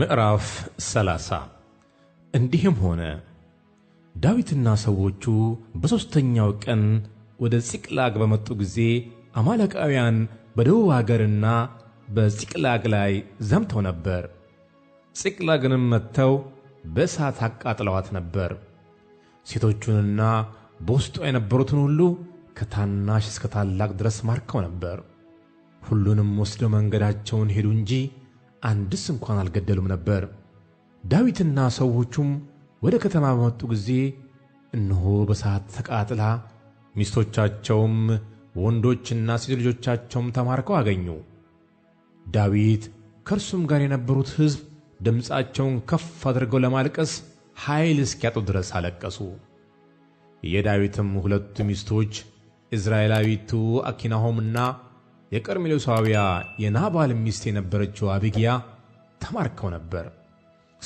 ምዕራፍ ሰላሳ እንዲህም ሆነ ዳዊትና ሰዎቹ በሦስተኛው ቀን ወደ ጺቅላግ በመጡ ጊዜ አማላቃውያን በደቡብ አገርና በጺቅላግ ላይ ዘምተው ነበር። ጺቅላግንም መጥተው በእሳት አቃጥለዋት ነበር። ሴቶቹንና በውስጧ የነበሩትን ሁሉ ከታናሽ እስከ ታላቅ ድረስ ማርከው ነበር። ሁሉንም ወስደው መንገዳቸውን ሄዱ እንጂ አንድስ እንኳን አልገደሉም ነበር። ዳዊትና ሰዎቹም ወደ ከተማ በመጡ ጊዜ እነሆ በእሳት ተቃጥላ ሚስቶቻቸውም ወንዶችና ሴት ልጆቻቸውም ተማርከው አገኙ። ዳዊት ከእርሱም ጋር የነበሩት ሕዝብ ድምፃቸውን ከፍ አድርገው ለማልቀስ ኃይል እስኪያጡ ድረስ አለቀሱ። የዳዊትም ሁለቱ ሚስቶች ኢዝራኤላዊቱ አኪናሆምና የቀርሜሎሳውያ የናባል ሚስት የነበረችው አቢግያ ተማርከው ነበር።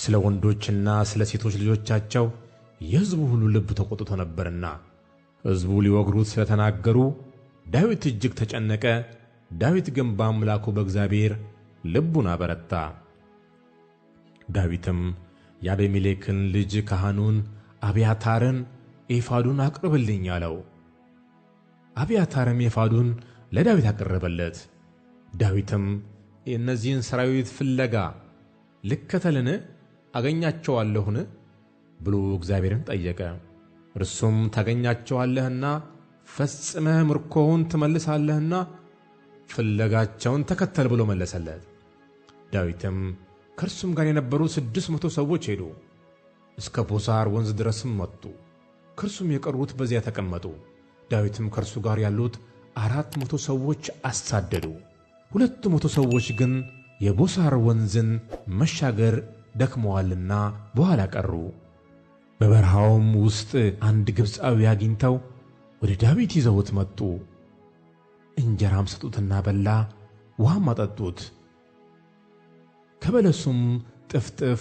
ስለ ወንዶችና ስለ ሴቶች ልጆቻቸው የሕዝቡ ሁሉ ልብ ተቆጥቶ ነበርና ሕዝቡ ሊወግሩት ስለተናገሩ ዳዊት እጅግ ተጨነቀ። ዳዊት ግን በአምላኩ በእግዚአብሔር ልቡን አበረታ። ዳዊትም የአቤሜሌክን ልጅ ካህኑን አብያታርን ኤፋዱን አቅርብልኝ አለው። አብያታርም ኤፋዱን ለዳዊት አቀረበለት። ዳዊትም የእነዚህን ሰራዊት ፍለጋ ልከተልን? አገኛቸዋለሁን? ብሎ እግዚአብሔርን ጠየቀ። እርሱም ታገኛቸዋለህና ፈጽመህ ምርኮውን ትመልሳለህና ፍለጋቸውን ተከተል ብሎ መለሰለት። ዳዊትም ከእርሱም ጋር የነበሩ ስድስት መቶ ሰዎች ሄዱ፣ እስከ ቦሳር ወንዝ ድረስም መጡ። ከእርሱም የቀሩት በዚያ ተቀመጡ። ዳዊትም ከእርሱ ጋር ያሉት አራት መቶ ሰዎች አሳደዱ። ሁለት መቶ ሰዎች ግን የቦሳር ወንዝን መሻገር ደክመዋልና በኋላ ቀሩ። በበረሃውም ውስጥ አንድ ግብፃዊ አግኝተው ወደ ዳዊት ይዘውት መጡ። እንጀራም ሰጡትና በላ፣ ውሃም አጠጡት። ከበለሱም ጥፍጥፍ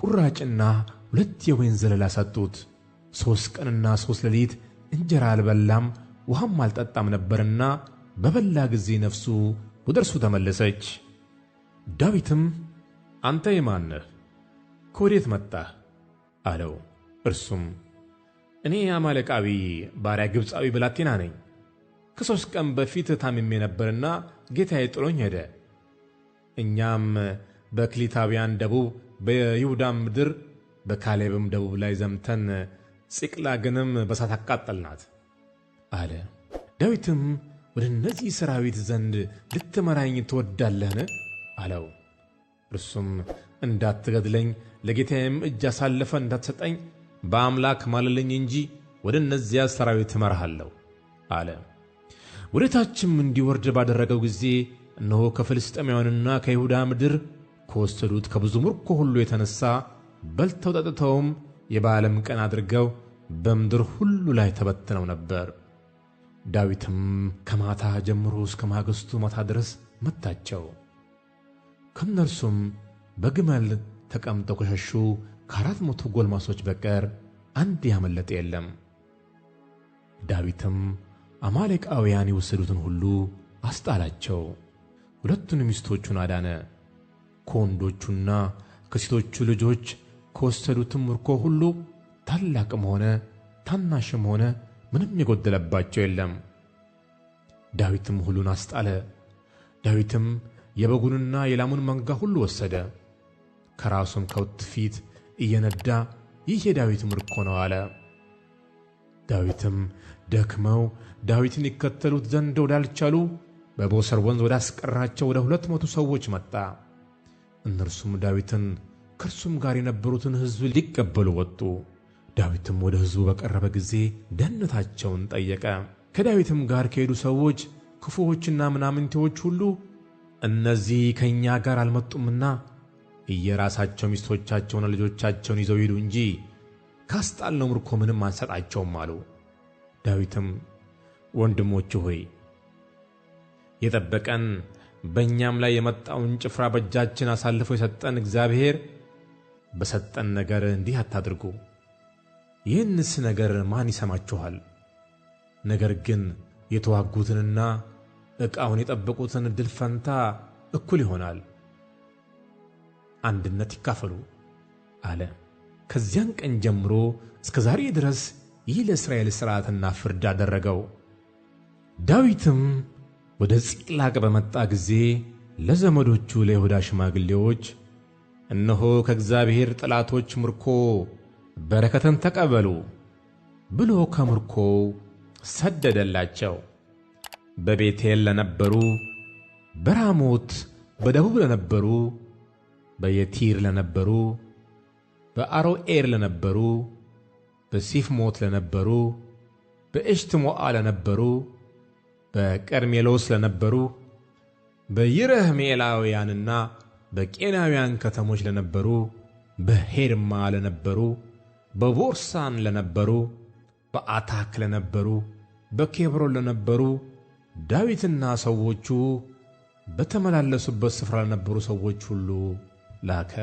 ቁራጭና ሁለት የወይን ዘለላ ሰጡት። ሦስት ቀንና ሦስት ሌሊት እንጀራ አልበላም ውሃም አልጠጣም ነበርና በበላ ጊዜ ነፍሱ ወደ እርሱ ተመለሰች። ዳዊትም አንተ የማን ነህ? ከወዴት መጣህ? አለው። እርሱም እኔ የአማለቃዊ ባሪያ ግብፃዊ ብላቴና ነኝ። ከሦስት ቀን በፊት ታምሜ ነበርና ጌታዬ ጥሎኝ ሄደ። እኛም በክሊታውያን ደቡብ በይሁዳም ምድር በካሌብም ደቡብ ላይ ዘምተን ጽቅላግንም በሳት አቃጠልናት። አለ። ዳዊትም ወደ እነዚህ ሰራዊት ዘንድ ልትመራኝ ትወዳለህን? አለው። እርሱም እንዳትገድለኝ ለጌታዬም እጅ አሳልፈ እንዳትሰጠኝ በአምላክ ማለልኝ እንጂ ወደ እነዚያ ሰራዊት እመርሃለሁ አለ። ወደ ታችም እንዲወርድ ባደረገው ጊዜ እነሆ ከፍልስጥኤማውያንና ከይሁዳ ምድር ከወሰዱት ከብዙ ምርኮ ሁሉ የተነሣ በልተው ጠጥተውም የበዓለም ቀን አድርገው በምድር ሁሉ ላይ ተበትነው ነበር። ዳዊትም ከማታ ጀምሮ እስከ ማግስቱ ማታ ድረስ መታቸው። ከእነርሱም በግመል ተቀምጠው ከሸሹ ከአራት መቶ ጎልማሶች በቀር አንድ ያመለጠ የለም። ዳዊትም አማሌቃውያን የወሰዱትን ሁሉ አስጣላቸው። ሁለቱን ሚስቶቹን አዳነ። ከወንዶቹና ከሴቶቹ ልጆች ከወሰዱትም ምርኮ ሁሉ ታላቅም ሆነ ታናሽም ሆነ ምንም የጎደለባቸው የለም። ዳዊትም ሁሉን አስጣለ። ዳዊትም የበጉንና የላሙን መንጋ ሁሉ ወሰደ። ከራሱም ከውት ፊት እየነዳ ይህ የዳዊት ምርኮ ነው አለ። ዳዊትም ደክመው ዳዊትን ይከተሉት ዘንድ ወዳልቻሉ በቦሰር ወንዝ ወዳስቀራቸው ወደ ሁለት መቶ ሰዎች መጣ። እነርሱም ዳዊትን ከእርሱም ጋር የነበሩትን ሕዝብ ሊቀበሉ ወጡ። ዳዊትም ወደ ሕዝቡ በቀረበ ጊዜ ደህንነታቸውን ጠየቀ። ከዳዊትም ጋር ከሄዱ ሰዎች ክፉዎችና ምናምንቴዎች ሁሉ እነዚህ ከእኛ ጋር አልመጡምና እየራሳቸው ሚስቶቻቸውና ልጆቻቸውን ይዘው ሂዱ እንጂ ካስጣልነው ምርኮ ምንም አንሰጣቸውም አሉ። ዳዊትም ወንድሞች ሆይ የጠበቀን በእኛም ላይ የመጣውን ጭፍራ በእጃችን አሳልፎ የሰጠን እግዚአብሔር በሰጠን ነገር እንዲህ አታድርጉ ይህንስ ነገር ማን ይሰማችኋል? ነገር ግን የተዋጉትንና ዕቃውን የጠበቁትን ድል ፈንታ እኩል ይሆናል። አንድነት ይካፈሉ አለ። ከዚያን ቀን ጀምሮ እስከ ዛሬ ድረስ ይህ ለእስራኤል ሥርዓትና ፍርድ አደረገው። ዳዊትም ወደ ጺቅላግ በመጣ ጊዜ ለዘመዶቹ ለይሁዳ ሽማግሌዎች እነሆ ከእግዚአብሔር ጠላቶች ምርኮ በረከትን ተቀበሉ ብሎ ከምርኮው ሰደደላቸው። በቤቴል ለነበሩ፣ በራሞት በደቡብ ለነበሩ፣ በየቲር ለነበሩ፣ በአሮኤር ለነበሩ፣ በሲፍሞት ለነበሩ፣ በኤሽትሞአ ለነበሩ፣ በቀርሜሎስ ለነበሩ፣ በይረሕምኤላውያንና በቄናውያን ከተሞች ለነበሩ፣ በሄርማ ለነበሩ በቦርሳን ለነበሩ፣ በአታክ ለነበሩ፣ በኬብሮን ለነበሩ ዳዊትና ሰዎቹ በተመላለሱበት ስፍራ ለነበሩ ሰዎች ሁሉ ላከ።